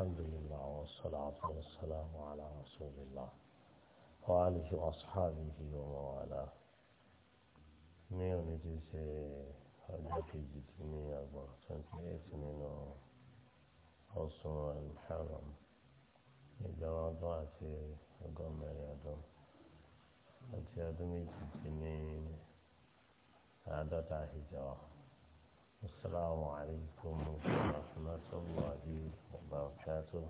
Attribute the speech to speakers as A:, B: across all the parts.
A: الحمد لله والصلاة والسلام على رسول الله وآله وأصحابه ومواله نيو نتيسي حجاتي جتني أبا سنتي اتنين وصنع المحرم يدواباتي وقوم يدو أتي أدمي تتنين هذا تاهي جواه السلام عليكم ورحمة الله وبركاته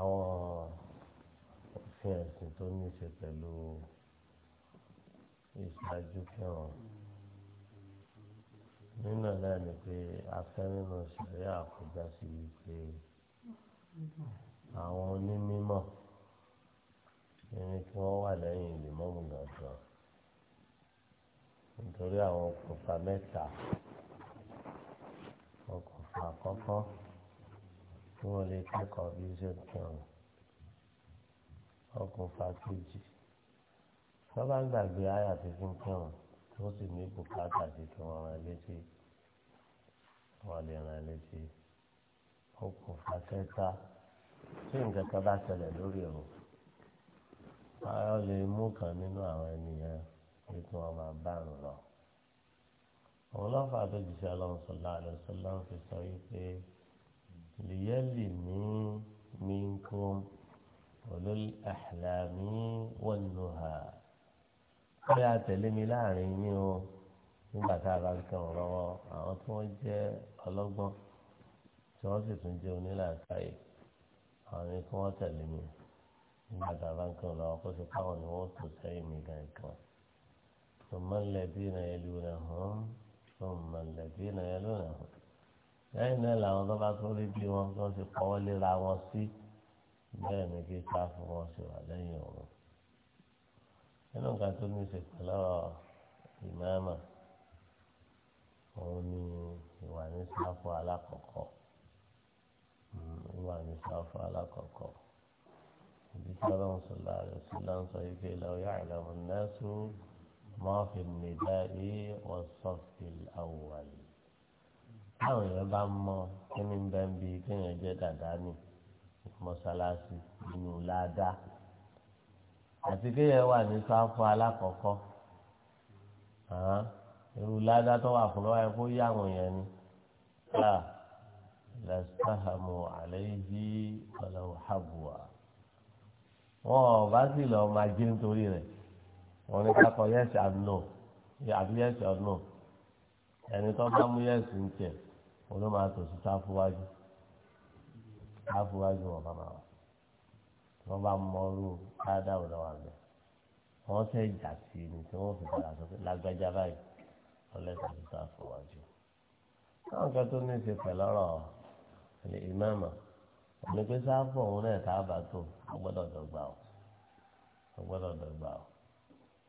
A: àwọn òfin ẹ̀sìn tó ní ṣe pẹ̀lú ìṣáájú kẹwọn nínú náà ni pé afẹ́ nínú ṣẹ̀rí àkọjá sí wípé àwọn onímọ̀ lẹ́yìn ìlímọ́mù gàgàn nítorí àwọn okùnfà mẹ́ta okùnfà àkọ́kọ́ tí wọ́n lè kẹ́kọ̀ọ́ bí ṣe kírun okùnfà kejì tó bá gbàgbé àyà tuntun kírun tó sì ní bùkátà sí kí wọ́n rán létí wọ́n lè rán létí okùnfà kẹta tí nǹkan kan bá ṣẹlẹ̀ lórí òun a lè mú kan nínú àwọn ènìyàn bí kí wọ́n máa bá àrùn lọ. àwọn ọlọ́fà tó jìṣẹ́ ọlọ́run sọlá rẹ̀ sọlá ń fi sọ wípé lìyẹ́lì ní minkum ulul ahlami wan nuha. pé a tẹ̀lé mi láàrin yín o nígbà tá a bá ń kẹrùn lọ́wọ́ àwọn tí wọ́n jẹ́ ọlọ́gbọ́n tí wọ́n sì tún jẹ́ onílàákàyè àwọn ni kí wọ́n tẹ̀lé mi nígbà tá a bá ń kàn lọ́wọ́ kó sì káwọn ni wọ́n tò sẹ́yìn mi gangan ثم الذين يلونهم ثم الذين يلونهم lẹ́yìn náà làwọn tó bá tó rí bí wọn tó ti kọ́wọ́ léra wọn sí bẹ́ẹ̀ ni kí sáfù wọn sì wà lẹ́yìn òun nínú nǹkan tó ní ṣe pẹ̀lú ìmáàmà òun ni ìwà ní sáfù alákọ̀ọ́kọ́ ìwà ní sáfù alákọ̀ọ́kọ́ ìtọ́lọ́run sọ̀lá rẹ̀ sílá ń sọ ike lọ́wọ́ yá ìlànà nẹ́sù mọ́ọ̀fì nìdá ẹ̀ wọ́n sọ́ọ̀fì àwòwàlì. táwọn èèyàn bá mọ kí ni bẹ́ẹ̀ ń bi kéèyàn jẹ́ dàda nì mọ́sálásí nínú ládàá àti kéèyàn wà ní sáfù alákọ̀ọ́kọ́ irú ládàá tó wà fún lọ́wọ́ ẹ̀ kó yá àwọn èèyàn ni láà ah, lẹ́sítàhámù àlẹ́ yìí ọ̀làwọ̀ hábùwà wọn ò bá sì lọ máa jí nítorí rẹ̀ wọn ní kakọ yes and no àbí yes or no ẹni tó bá mú yes ń tẹ wọn ló máa tòṣì sáfúwájú sáfúwájú wọn bá máa wà wọn bá mọrú dáadáa ọ̀dọ̀ wà bẹ́ẹ̀ wọn fẹ́ jà sí ni tí wọ́n fi padà sọ pé lágbájá báyìí ọlẹ́sìn tó sáfúwájú. káwọn kan tó ní í ṣe pẹ̀lú ọ̀rọ̀ ìmáàmù àmì pé sáfù òun náà tá a bá tó ó gbọ́dọ̀ dọ́gba o ó gbọ́dọ̀ dọ́gba o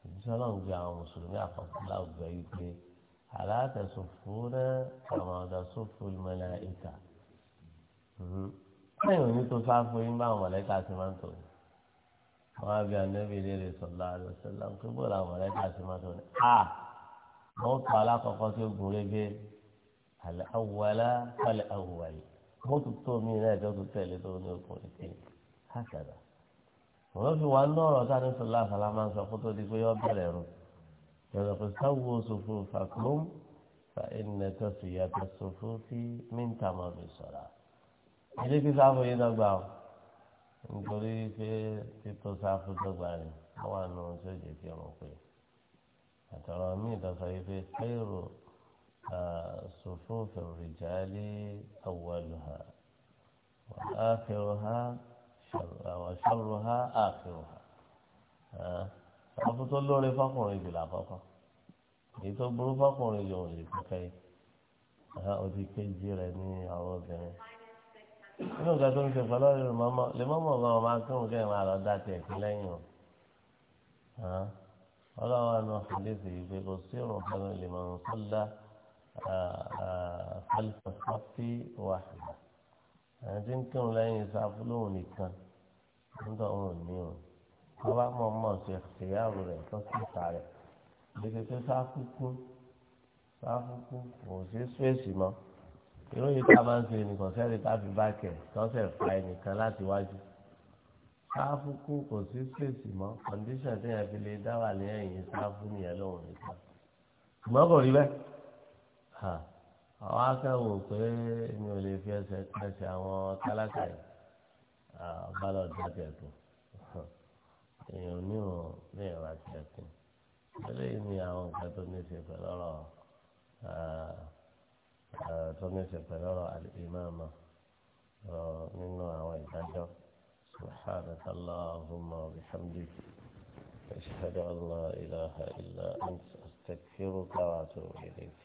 A: ìjísọ́ náà ń gbé àwọn mùsùlùmí àkọ́kọ́ láwùjọ yìí pé aláàtẹ̀sùn fún náà àwọn ọ̀dà sófin mhm. mẹ́lẹ̀ ìta lẹ́yìn òní tó sáfù yín bá àwọn mọ̀lẹ́kà ti máa ń tò ní àwọn àbí anábì léèrè sọ̀lá àlọ́ sọ̀lá pé bóòlù àwọn mọ̀lẹ́kà ti máa ń tò ní à wọ́n kọ́ alákọ̀ọ́kọ́ tó gùn régé àlẹ́ àwùwalá kọ́lẹ̀ àwùwalẹ̀ wọ́n tún tó mí náà ìjọ tó tẹ̀lé tó ní ọkùnrin tí hàkàdà wọ́n fi wà ní ọ̀rọ̀ táwọn sọ láàfàlà máa ń sọ fún tó di pé yọ bẹ̀rẹ̀ rò yọ̀rọ̀ pé sáwọ́ sòfò fàkùrùm fa ẹnìyàn tó sì yàtọ̀ sòfò sí mínta máa fi sọ̀rọ̀ ilé kí sáfù yìí dọ́gba o nítorí pé títọ́ sáfù dọ́gba ni wọ́n wà nù sójì kí ọmọ pé àtọ̀rọ̀ mí ìdọ́sọ yìí pé صفوف الرجال أولها وآخرها شر وشرها آخرها àfútó lórí fọkùnrin jù lákọ̀ọ́kọ́ èyí tó burú fọkùnrin yóò lè kọ́kẹ́ yìí òdì kejì rẹ̀ ní àwọn obìnrin nínú ìgbà tó ń ṣe pẹ̀lú ọ̀rẹ́ lèmọ́mọ́ lèmọ́mọ́ ọ̀gá ọ̀ma kírun kẹ́hìn máa lọ dá tiẹ̀ kí lẹ́yìn o ọlọ́wọ́ àná àdéhùn yìí pé kò sí ìrùn fún lèmọ́mọ́ sọ́lá alifasọ́tì wàhálà ẹni tí ń kírun lẹ́yìn ìsáfù lóhùn nìkan nígbà òun ní o wọ́n bá mọ̀ mọ̀ ṣe ìyàwó rẹ̀ tó sì ta rẹ̀ gbèsè pé sáfù kú sáfù kú kò sí spéèsì mọ́ irú yìí tá a máa ń ṣe nìkan sẹ́ni tá fi bá kẹ̀ tọ́sẹ̀ fa ẹnìkan láti wájú sáfù kò sí spéèsì mọ́ kọ́ndíṣàn tí fi lè dá wà lẹ́yìn sáfù nìyẹn lóhùn nìkan ṣùgbọ́n kò rí bẹ́ẹ̀ àwọn akẹ́wò pé mi ò lè fi ẹsẹ̀ kẹsẹ̀ àwọn tálákà yìí ọba lọ dá tẹ̀kùn èèyàn ní ò ní ìwà tẹ̀kùn eléyìí ni àwọn nǹkan tó ní í ṣe pẹ̀lú ọ̀rọ̀ tó ní í ṣe pẹ̀lú ọ̀rọ̀ àlìmáàmà nínú àwọn ìdájọ́ سبحانك اللهم وبحمدك أشهد أن لا إله إلا أنت أستغفرك وأتوب إليك